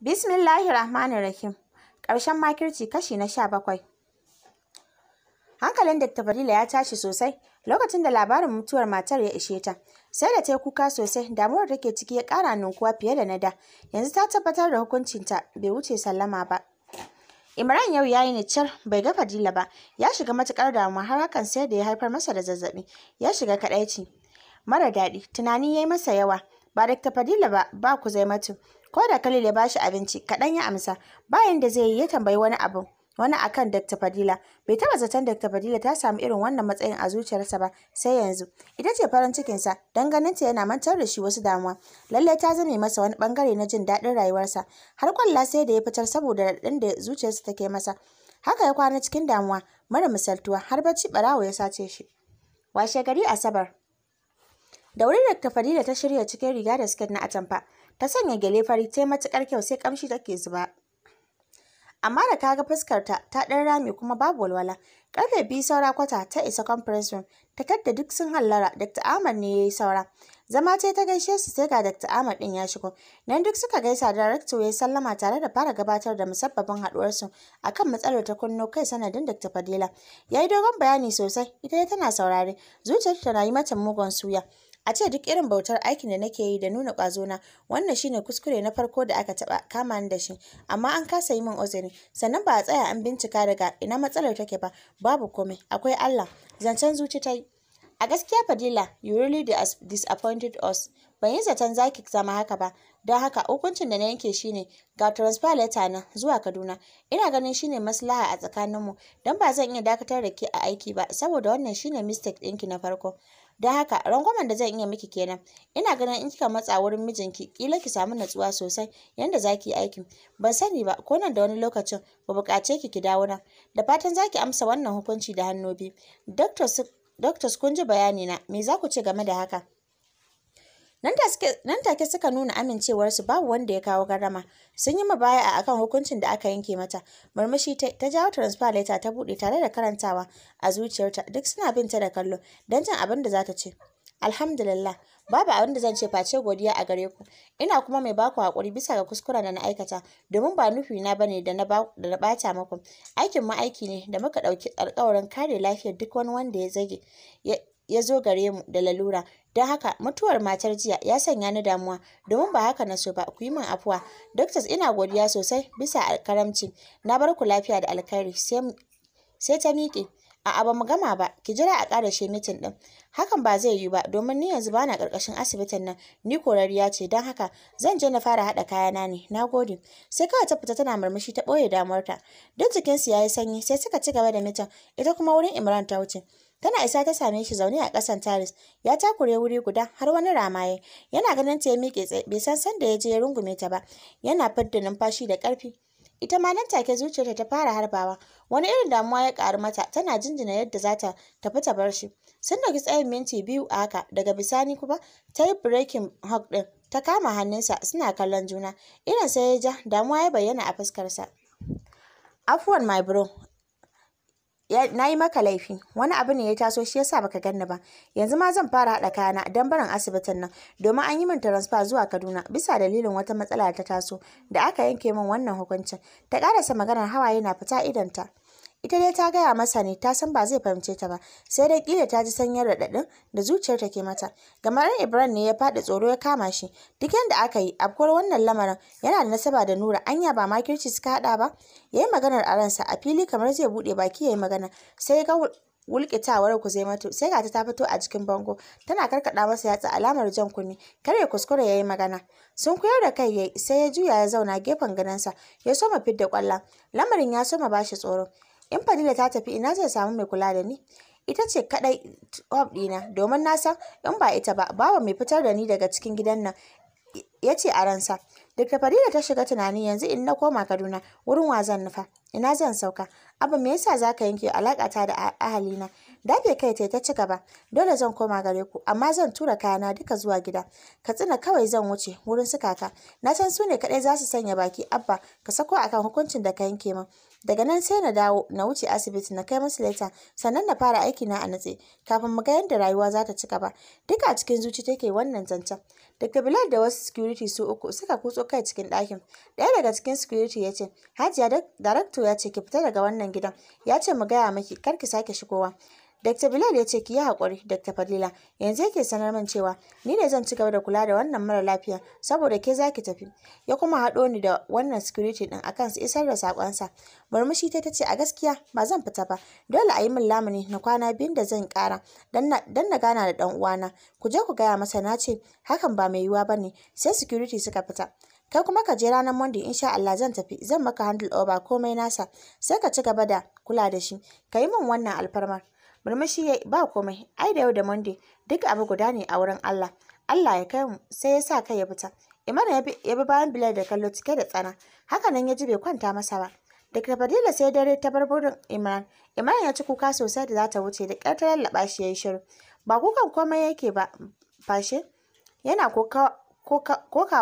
Bismillahir Rahmanir Rahim. Karshen makirci kashi na sha bakwai. Hankalin Dr. Barila ya tashi sosai lokacin da labarin mutuwar matar ya ishe ta. Sai da ta yi kuka sosai, damuwar da ke ciki ya ƙara nunkuwa fiye da na da. Yanzu ta tabbatar da hukuncinta bai wuce sallama ba. Imran yau ya yi nicar bai ga Fadila ba, ya shiga matukar damuwa har hakan sai da ya haifar masa da zazzaɓi, ya shiga kaɗaici. Mara daɗi, tunani ya yi masa yawa, ba Dr. Fadila ba, ba Kuzaimatu. ko da Khalil ya bashi abinci kaɗan ya amsa bayan da zai yi ya tambayi wani abu wani akan Dr. Fadila bai taba zaton Dr. Fadila ta samu irin wannan matsayin a zuciyarsa ba sai yanzu ita ce farin cikin sa ganin ta yana mantar da shi wasu damuwa Lallai ta zame masa wani bangare na jin daɗin rayuwarsa har kwalla sai da ya fitar saboda raɗin da zuciyarsa take masa haka ya kwana cikin damuwa mara misaltuwa har bacci barawo ya sace shi washe gari asabar da wuri Dr. Fadila ta shirya cikin riga da siket na atamfa ta sanya gyale fari ta yi matuƙar kyau sai ƙamshi take zuba amma da ta ga fuskarta ta ɗan rami kuma babu walwala ƙarfe biyu saura kwata ta isa conference room ta tadda duk sun hallara dr ahmad ne ya yi saura zama ce ta gaishe su sai ga dr ahmad ɗin ya shigo nan duk suka gaisa director ya sallama tare da fara gabatar da musabbabin haɗuwarsu a kan matsalar ta kunno kai sanadin dr fadila ya yi dogon bayani sosai ita tana saurare zuciyarta na yi mata mugun suya A ce duk irin bautar aikin da nake yi da nuna ƙwazona, wannan shine kuskure na farko da aka taɓa kama ni da shi, amma an kasa yi min uzuri. Sannan ba a tsaya an bincika daga ina matsalar take ba, babu komai, akwai Allah. Zancen zuci ta yi. A gaskiya Fadila, you really disappointed us. Ban yi zaton za ki zama haka ba, don haka hukuncin da na yanke shine ga transfer letter na zuwa Kaduna. Ina ganin shine maslaha a tsakaninmu, don ba zan iya dakatar da ke a aiki ba, saboda wannan shine mistake ɗinki na farko. don haka rangwamen da zan iya miki kenan ina ganin in kika matsa wurin mijinki kila ki samu natsuwa sosai yanda za ki yi aikin ban sani ba ko nan da wani lokacin ba buƙace ki ki dawo nan da fatan za ki amsa wannan hukunci da hannu biyu doctors kun ji bayani na me za ku ce game da haka Nan take suka nuna amincewarsu babu wanda ya kawo garama. Sun yi mabaya a akan hukuncin da aka yanke mata. Murmushi ta jawo transfer letter ta buɗe tare da karantawa a zuciyarta duk suna bin ta da kallo don jin abin da za ta ce. Alhamdulillah, babu abin da zan ce face godiya a gare ku. Ina kuma mai baku haƙuri bisa ga kuskuren da na aikata, domin ba nufi na bane da na bata muku. Aikin ma aiki ne da muka ɗauki alƙawarin kare lafiyar duk wani wanda ya zage. ya zo gare mu da lalura don haka mutuwar matar jiya ya sanya ni damuwa domin ba haka na so ba ku yi min afuwa doctors ina godiya sosai bisa alkaramci na bar ku lafiya da alkhairi sai ta miƙe a'a ba mu gama ba ki jira a ƙara shi mitin ɗin hakan ba zai yiwu ba domin ni yanzu bana ƙarƙashin asibitin nan ni korariya ce don haka zan je na fara haɗa kayana ne na gode sai kawai ta fita tana murmushi ta ɓoye damuwarta duk jikinsu ya yi sanyi sai suka ci gaba da mitin ita kuma wurin imran ta wuce Tana isa ta same shi zaune a ƙasan taris, ya takure wuri guda har wani ramaye. Yana ganin ta ya miƙe tsaye, bai san sanda ya je ya rungume ta ba. Yana fidda numfashi da ƙarfi. Ita ma nan take zuciyarta ta fara harbawa. Wani irin damuwa ya ƙaru mata, tana jinjina yadda za ta tafi ta bar shi. Sun ɗauki tsayin minti biyu a haka, daga bisani kuma ta yi breaking hug ɗin. Ta kama hannunsa suna kallon juna. Irin sai ya ja, damuwa ya bayyana a fuskarsa. Afuwan my bro, na yi maka laifi wani abu ne ya taso shi yasa baka ganni ba yanzu ma zan fara haɗa kayana don barin asibitin nan domin an yi min transfer zuwa kaduna bisa dalilin wata matsala ta taso da aka yanke min wannan hukuncin ta ƙarasa maganar hawaye na fita idanta ita dai ta gaya masa ne ta san ba zai fahimce ta ba sai dai kila ta ji sanyar raɗaɗin da zuciyar ta ke mata gama ran ibrahim ne ya faɗi tsoro ya kama shi duk yadda aka yi afkuwar wannan lamarin yana da nasaba da nura anya ba makirci suka haɗa ba ya yi maganar a ransa a fili kamar zai buɗe baki ya yi magana sai ga wulkitawar ku zai mato sai gata ta fito a jikin bango tana karkada masa yatsa alamar jan kunni kar ya kuskure yi magana sun koyar da kai yayi sai ya juya ya zauna gefen ganansa. ya soma fidda kwalla lamarin ya soma bashi tsoro in Fadila ta tafi ina zai samu mai kula da ni ita ce kadai hub dina domin na san in ba ita ba babu mai fitar da ni daga cikin gidan nan ya ce a ransa duk da Fadila ta shiga tunani yanzu in na koma Kaduna wurin wa zan nufa ina zan sauka abu me yasa zaka yanke alakata da ahalina dafe kai ta ta ci gaba dole zan koma gare ku amma zan tura kayana duka zuwa gida katsina kawai zan wuce wurin su kaka na san su ne kaɗai za su sanya baki abba ka sako a kan hukuncin da ka yanke min daga nan sai na dawo na wuce asibiti na kai musu leta sannan na fara aiki na a natse kafin mu ga yadda rayuwa za ta ci gaba duka a cikin zuci take wannan zancen Dr. Bilal da wasu security su uku suka kutso kai cikin ɗakin. Ɗaya daga cikin security ya ce, Hajiya Darakto ya ce ki fita daga wannan gidan, ya ce mu gaya maki, kar ki sake shigowa. Dr. Bilal ya ce ki yi haƙuri Dr. Fadila yanzu yake sanar min cewa ni ne zan ci gaba da kula da wannan mara lafiya saboda ke zaki tafi ya kuma haɗo ni da wannan security din a su isar da sakonsa murmushi ta ce a gaskiya ba zan fita ba dole a yi min lamuni na kwana biyun da zan ƙara dan na gana da dan uwana ku je ku gaya masa na ce hakan ba mai yiwuwa ne. sai security suka fita kai kuma ka je ranar Monday insha Allah zan tafi zan maka handle over komai nasa sai ka ci gaba da kula da shi ka yi min wannan alfarma. murmushi ya ba komai ai da yau da monday duk abu guda ne a wurin allah allah ya kai mu sai ya sa kai ya fita imar ya bi bayan bilal da kallo cike da tsana hakanan ya ji bai kwanta masa ba daga fadila sai dare ta bar burin imran imran ya ci kuka sosai da za ta wuce da kyar ta lallaɓa shi ya yi shiru ba kukan komai yake ba fashe yana kokawa ko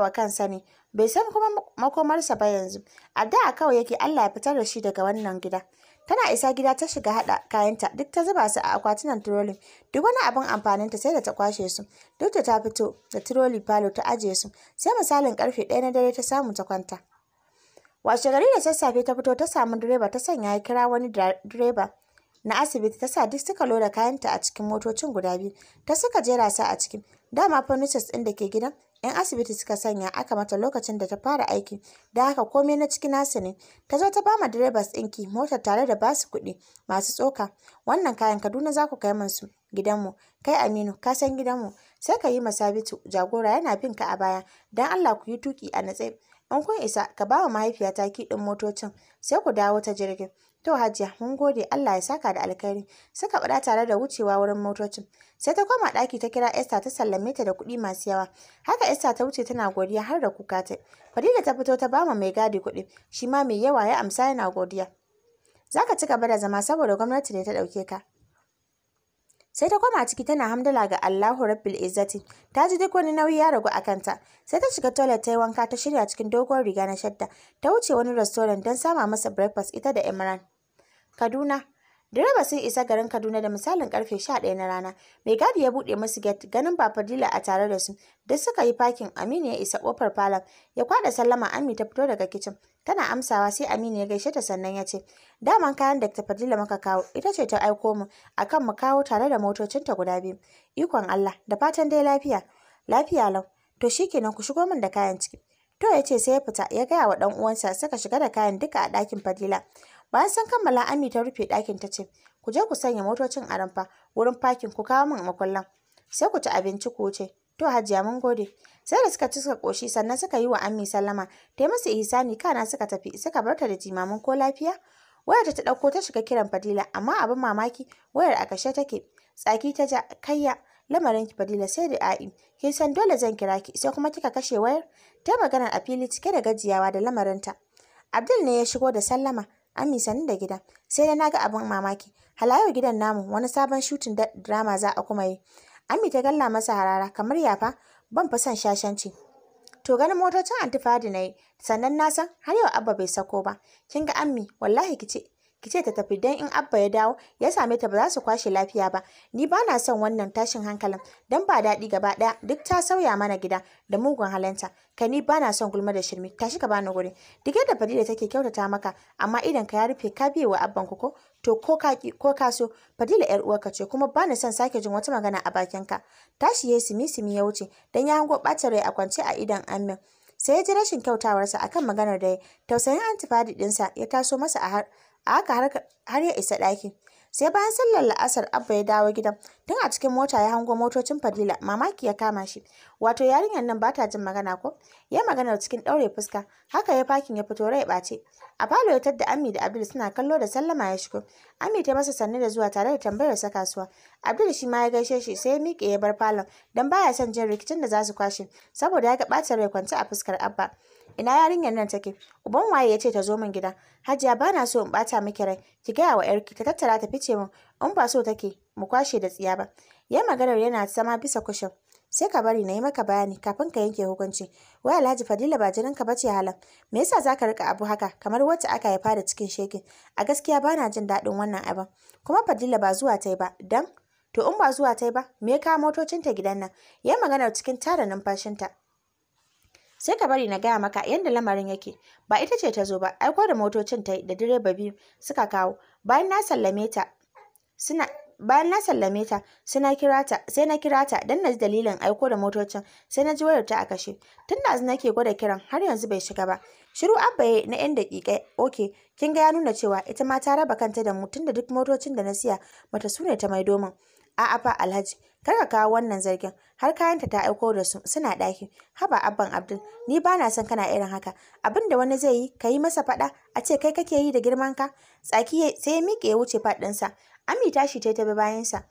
wa kan sani. bai san kuma makomarsa ba yanzu a da a kawai yake Allah ya fitar da shi daga wannan gida tana isa gida ta shiga hada kayanta duk ta zuba su a akwatunan trolling. duk wani abin amfanin ta sai da ta kwashe su duk da ta fito da trolling falo ta ajiye su sai misalin karfe ɗaya na dare ta samu ta kwanta washe gari da sassafe ta fito ta samu direba ta sanya ya kira wani direba na asibiti ta sa duk suka loda kayanta a cikin motocin guda biyu ta suka jera su a cikin dama furnitures ɗin da ke gidan 'yan asibiti suka sanya aka mata lokacin da ta fara aiki da haka komai na cikin nasu ne ta zo ta ba ma direbas ɗinki motar tare da basu kuɗi masu tsoka wannan kayan kaduna za ku kai min su gidanmu kai aminu ka san gidanmu sai ka yi ma sabitu jagora yana bin ka a baya don allah ku yi tuki a natse in kun isa ka ba wa mahaifiyata kiɗin motocin sai ku dawo ta jirgin To Hajiya, mun gode Allah ya saka da alkhairi. Suka faɗa tare da wucewa wurin motocin. Sai ta koma ɗaki ta kira Esther ta sallame ta da kuɗi masu yawa. Haka Esther ta wuce tana godiya har da kuka ta. da ta fito ta bama mai gadi kuɗi, shi ma mai yawa ya amsa yana godiya. Za ka ci gaba da zama saboda gwamnati ne ta ɗauke ka. sai ta koma ciki tana hamdala ga Allahu Rabbil Izzati ta ji duk wani nauyi ya ragu a kanta sai ta shiga toilet ta yi wanka ta shirya cikin doguwar riga na shadda ta wuce wani restaurant don sama masa breakfast ita da Imran Kaduna. Direba sun isa garin Kaduna da misalin karfe 11 na rana. Mai gadi ya buɗe masu gate ganin ba Fadila a tare da su. da suka yi parking Aminu ya isa kofar falon. Ya kwada sallama Ami ta fito daga kitchen. Tana amsawa sai Aminu ya gaishe ta sannan ya ce, "Daman kayan da ta Fadila muka kawo, ita ce ta aiko mu akan mu kawo tare da motocinta guda biyu." Ikon Allah, da fatan dai lafiya. Lafiya lau. To shikenan ku shigo min da kayan ciki. To ya ce sai ya fita ya gaya wa ɗan uwansa suka shiga da kayan duka a ɗakin Fadila. Bayan sun kammala Ami ta rufe ɗakin ta ce, ku je ku sanya motocin a ramfa wurin fakin ku kawo min makullan. Sai ku ci abinci ku wuce. To Hajiya mun gode. Sai da suka ci suka ƙoshi sannan suka yi wa Ami sallama, ta yi masa ihsani kana suka tafi suka bar ta da jimamin ko lafiya. Wayar ta ɗauko ta shiga kiran Fadila amma abin mamaki wayar a kashe take. Tsaki ta ja kayya lamarin ki Fadila sai da a'i. Kin san dole zan kira ki sai kuma kika kashe wayar? Ta magana a fili cike da gajiyawa da lamarinta. Abdul ne ya shigo da sallama Ami sani da gida. Sai dai ga abin mamaki. halayyar gidan namu wani sabon shutin drama za a kuma yi. Ami ta galla masa harara kamar yafa ban fa son shashanci. To ganin motocin antifadi na yi sannan na san har yau abba bai sako ba. Kin ga Ammi wallahi kice ki ce ta tafi dan in abba ya dawo ya same ta ba za su kwashe lafiya ba ni ba na son wannan tashin hankalin don ba daɗi gaba ɗaya duk ta sauya mana gida da mugun halanta ka ni ba na son gulma da shirmi tashi ka bani guri dige da fadila take kyautata maka amma idan ka ya rufe ka biye wa abban ko to ko ka so fadila yar uwarka ce kuma ba na son sake jin wata magana a bakinka tashi yayi simi simi ya wuce don ya hango ɓacin rai a kwance a idan amin sai ya ji rashin kyautawarsa akan maganar da ya tausayin antifadi ɗinsa ya taso masa a har a haka har ya isa ɗakin sai bayan sallar la'asar abba ya dawo gidan tun a cikin mota ya hango motocin fadila mamaki ya kama shi wato yarinyar nan bata jin magana ko ya magana cikin ɗaure fuska haka ya fakin ya fito rai ɓace a falo ya tadda ami da abdul suna kallo da sallama ya shigo ami ta masa sannu da zuwa tare da tambayar sa kasuwa abdul shi ma ya gaishe shi sai ya miƙe ya bar falon don baya son jin rikicin da za su kwashe saboda ya ga ɓacin rai kwance a fuskar abba ina yarinyar nan take uban waye ya ce ta zo min gida hajiya ba na so in bata miki rai ki gaya wa yarki ta tattara ta fice min in ba so take mu kwashe da tsiya ba ya maganar yana sama bisa kushin sai ka bari na yi maka bayani kafin ka yanke hukunci wai alhaji fadila ba jininka bace halan me yasa ka rika abu haka kamar wacce aka haifa da cikin shekin a gaskiya bana jin daɗin wannan abin kuma fadila ba zuwa ta yi ba dan to in ba zuwa ta yi ba me ka kawo ta gidan nan ya maganar cikin tara numfashinta sai ka bari na gaya maka yadda lamarin yake ba ita ce ta zo ba aiko da motocin ta da direba biyu suka kawo bayan na sallame ta suna bayan na sallame kira ta sai na kira ta dan na ji dalilin aiko da motocin sai na ji wayar ta a kashe tun da azna ke gwada kiran har yanzu bai shiga ba shiru abbaye na yan daƙiƙa oke kin ga ya nuna cewa ita ma ta raba kanta da mu tunda duk motocin da na siya mata su ne ta maido min A'a ba Alhaji, kar ka kawo wannan zargin, har kayanta ta aiko da su suna ɗaki. Haba abban Abdul, ni ba na son kana irin haka. Abin da wani zai yi, ka yi masa faɗa, a ce kai kake yi da girmanka. Tsaki sai ya miƙe ya wuce faɗinsa. Ami shi ta tabi bayansa.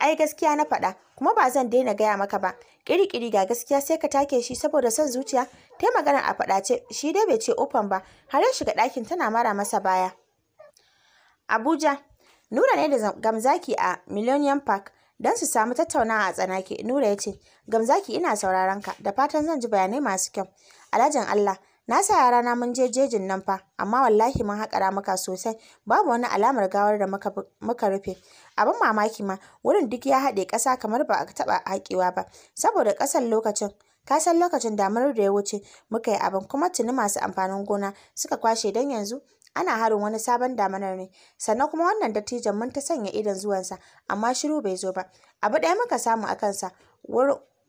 Ai gaskiya na faɗa, kuma ba zan daina gaya maka ba. ƙiri ga gaskiya sai ka take shi saboda son zuciya. Ta magana a faɗace, shi dai bai ce ofan ba, har ya shiga ɗakin tana mara masa baya. Abuja, Nura ne da Gamzaki a Millennium Park don su samu tattaunawa a tsanake. Nura ya ce, Gamzaki ina sauraron ka da fatan zan ji bayanai masu kyau. Alhajin Allah, na sa yara na mun je jejin nan fa, amma wallahi mun haƙara maka sosai, babu wani alamar gawar da muka rufe. Abin mamaki ma, wurin duk ya haɗe ƙasa kamar ba a taɓa haƙewa ba, saboda ƙasan lokacin. Ka lokacin damar da ya wuce muka yi abin kuma tuni masu amfanin gona suka kwashe don yanzu ana harin wani sabon damanar ne sannan kuma wannan dattijan mun ta sanya idon zuwansa amma shiru bai zo ba abu ɗaya muka samu a kansa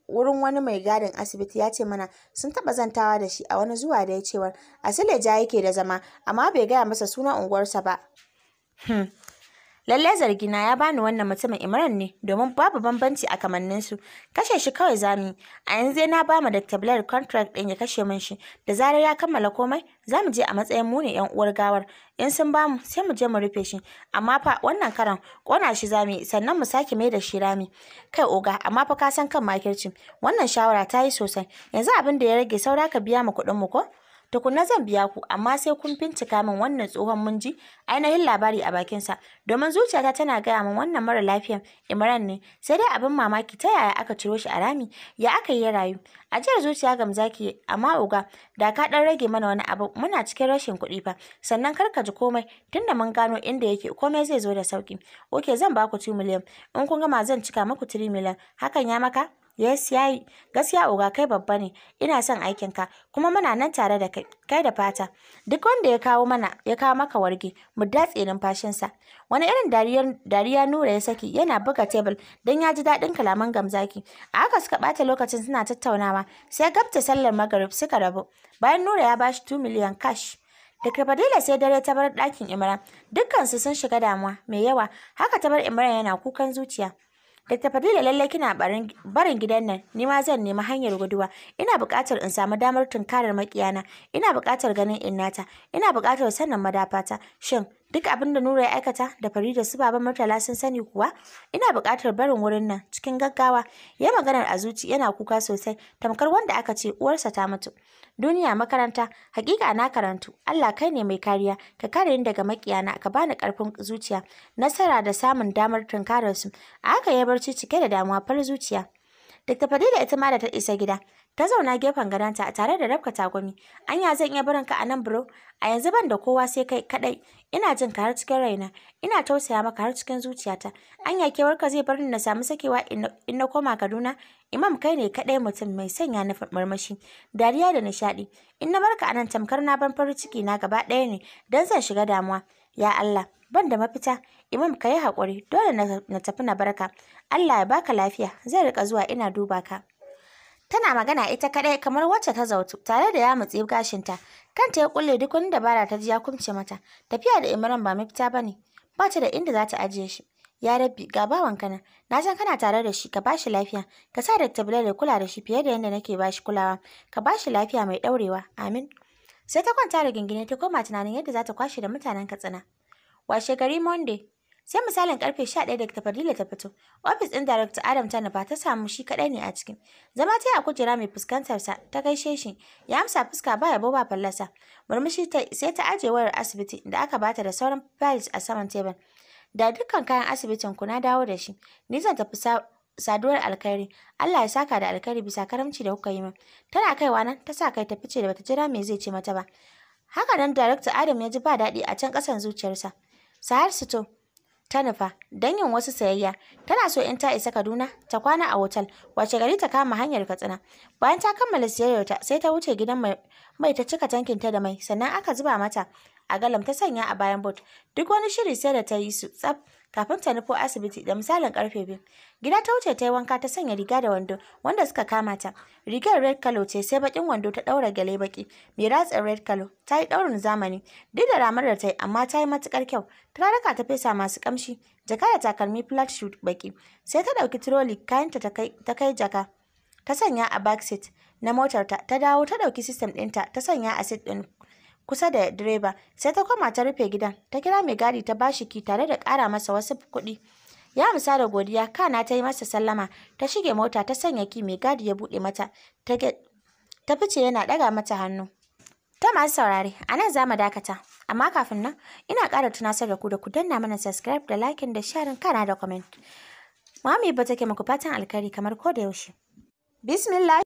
wurin wani mai gadin asibiti ya ce mana sun taɓa zantawa da shi a wani zuwa da ya cewar asile ja yake da zama amma bai gaya masa sunan unguwarsa ba hmm. lalle zargina ya bani wannan mutumin imran ne domin babu bambanci a kamannin su kashe shi kawai zamu a yanzu na ba mu dr blair contract din ya kashe mun shi da zarar ya kammala komai zamu je a matsayin mu ne yan uwar gawar in sun ba mu sai mu je mu rufe shi amma fa wannan karan kona shi zamu yi sannan mu sake mai da shi rami kai oga amma fa ka san kan makircin wannan shawara ta yi sosai yanzu abin da ya rage saura ka biya mu kuɗin mu ko tukunna zan biya ku amma sai kun bincika min wannan tsohon munji? ainihin labari a bakinsa domin zuciyata tana gaya min wannan mara lafiyan imran ne sai dai abin mamaki ta yaya aka ciro shi a rami ya aka yi rayu a jiyar zuciya gamzaki amma oga da ka dan rage mana wani abu muna cikin rashin kuɗi fa sannan kar ka ji komai tunda mun gano inda yake komai zai zo da sauki oke zan ba ku 2 miliyan in kun gama zan cika maku 3 miliyan hakan ya maka Yes, yayi. Gaskiya oga kai babba ne. Ina son aikin ka kuma muna nan tare da kai. Kai da fata. Duk wanda ya kawo mana ya kawo maka warge, mu datse numfashinsa. Wani irin dariya dariya Nura ya saki yana buga table dan ya ji daɗin kalaman gamzaki. A haka suka bata lokacin suna tattaunawa sai gabta sallar magarib suka rabu. Bayan Nura ya bashi 2 miliyan cash. Da Fadila sai dare ta bar dakin Imran. Dukkansu sun shiga damuwa mai yawa. Haka ta bar Imran yana kukan zuciya. Dr. Fadila lallai kina barin gidan nan, ni ma zan nemi hanyar guduwa. Ina buƙatar in samu damar tunkarar makiyana, ina buƙatar ganin innata, ina buƙatar sanin madafata. Shin Duk abin da Nura ya aikata da Farida su baban Murtala sun sani kuwa, ina buƙatar barin wurin nan cikin gaggawa. Ya maganar a zuci yana kuka sosai, tamkar wanda aka ce uwarsa ta mutu. Duniya makaranta, hakika na karantu. Allah kai ne mai kariya, ka kare ni daga makiyana, ka bani ƙarfin zuciya, nasara da samun damar tunkararsu. A haka ya barci cike da damuwa far zuciya. Dr. Fadila ita ma da ta isa gida, Ta zauna gefen gadonta tare da rabka tagwami. Anya zan iya barin ka a nan bro? A yanzu ban da kowa sai kai kadai. Ina jin ka har cikin raina. Ina tausaya maka har cikin zuciyata. Anya warka zai bar ni na samu sakewa in na koma Kaduna? Imam kai ne kadai mutum mai sanya na marmashi, dariya da nishadi. In na barka anan tamkar na ban farin ciki na gaba daya ne dan zan shiga damuwa. Ya Allah, ban da mafita. Imam ka yi haƙuri, dole na tafi na barka. Allah ya baka lafiya, zai rika zuwa ina duba ka. Tana magana ita kadai kamar wacce ta zautu tare da ya matsi gashinta. Kanta ya kulle duk wani dabara ta ji ya kumce mata. Tafiya da Imran ba mafita ba ne. Ba ta da inda za ta ajiye shi. Ya rabbi ga bawan kana. Na san kana tare da shi ka bashi lafiya. Ka sa Dr. Bilal ya kula da shi fiye da yadda nake bashi kulawa. Ka ba shi lafiya mai ɗaurewa. Amin. Sai ta kwanta da gingine ta koma tunanin yadda za ta kwashe da mutanen Katsina. Washe gari Monday, Sai misalin karfe 11 daga Fadila ta fito, ofis ɗin Director Adam ta nufa ta samu shi kaɗai ne a cikin. Zama ta a kujera mai fuskantar sa ta gaishe shi, ya amsa fuska ba yabo ba fallasa. Murmushi ta sai ta aje wayar asibiti da aka bata da sauran files a saman tebur. Da dukkan kayan asibitin ku na dawo da shi, ni zan tafi saduwar alkhairi Allah ya saka da alkhairi bisa karamci da kuka yi min tana kaiwa nan ta sa kai ta fice da bata jira me zai ce mata ba haka nan director Adam ya ji ba daɗi a can ƙasan zuciyarsa Sahar Sito ta nufa don yin wasu sayayya tana so in ta isa Kaduna ta kwana a otal wace gari ta kama hanyar Katsina bayan ta kammala siyayyarta sai ta wuce gidan mai ta cika tankinta da mai sannan aka zuba mata a galam ta sanya a bayan bot duk wani shiri sai da ta yi su tsaf kafin ta nufo asibiti da misalin karfe biyu gida ta wuce ta yi wanka ta sanya riga da wando wanda suka kama ta rigar red kalo ce sai bakin wando ta daura gale baki mai ratsin red kalo ta yi daurin zamani duk da ramar da ta yi amma ta yi matukar kyau raka ta fesa masu kamshi jaka da takalmi flat shoot baki sai ta dauki trolley kayanta ta kai jaka ta sanya a back seat na motarta ta dawo ta dauki system dinta ta sanya a seat ɗin kusa da direba sai ta koma ta rufe gidan ta kira mai gadi ta bashi ki tare da ƙara masa wasu kuɗi ya amsa da godiya kana ta yi masa sallama ta shige mota ta sanya ki mai gadi ya buɗe mata ta fice yana ɗaga mata hannu ta masu saurare a nan za mu dakata amma kafin nan ina ƙara tunasar da ku da ku danna mana subscribe da lakin da sharin kana da comment mami ba take muku fatan alkhairi kamar ko da yaushe bismillah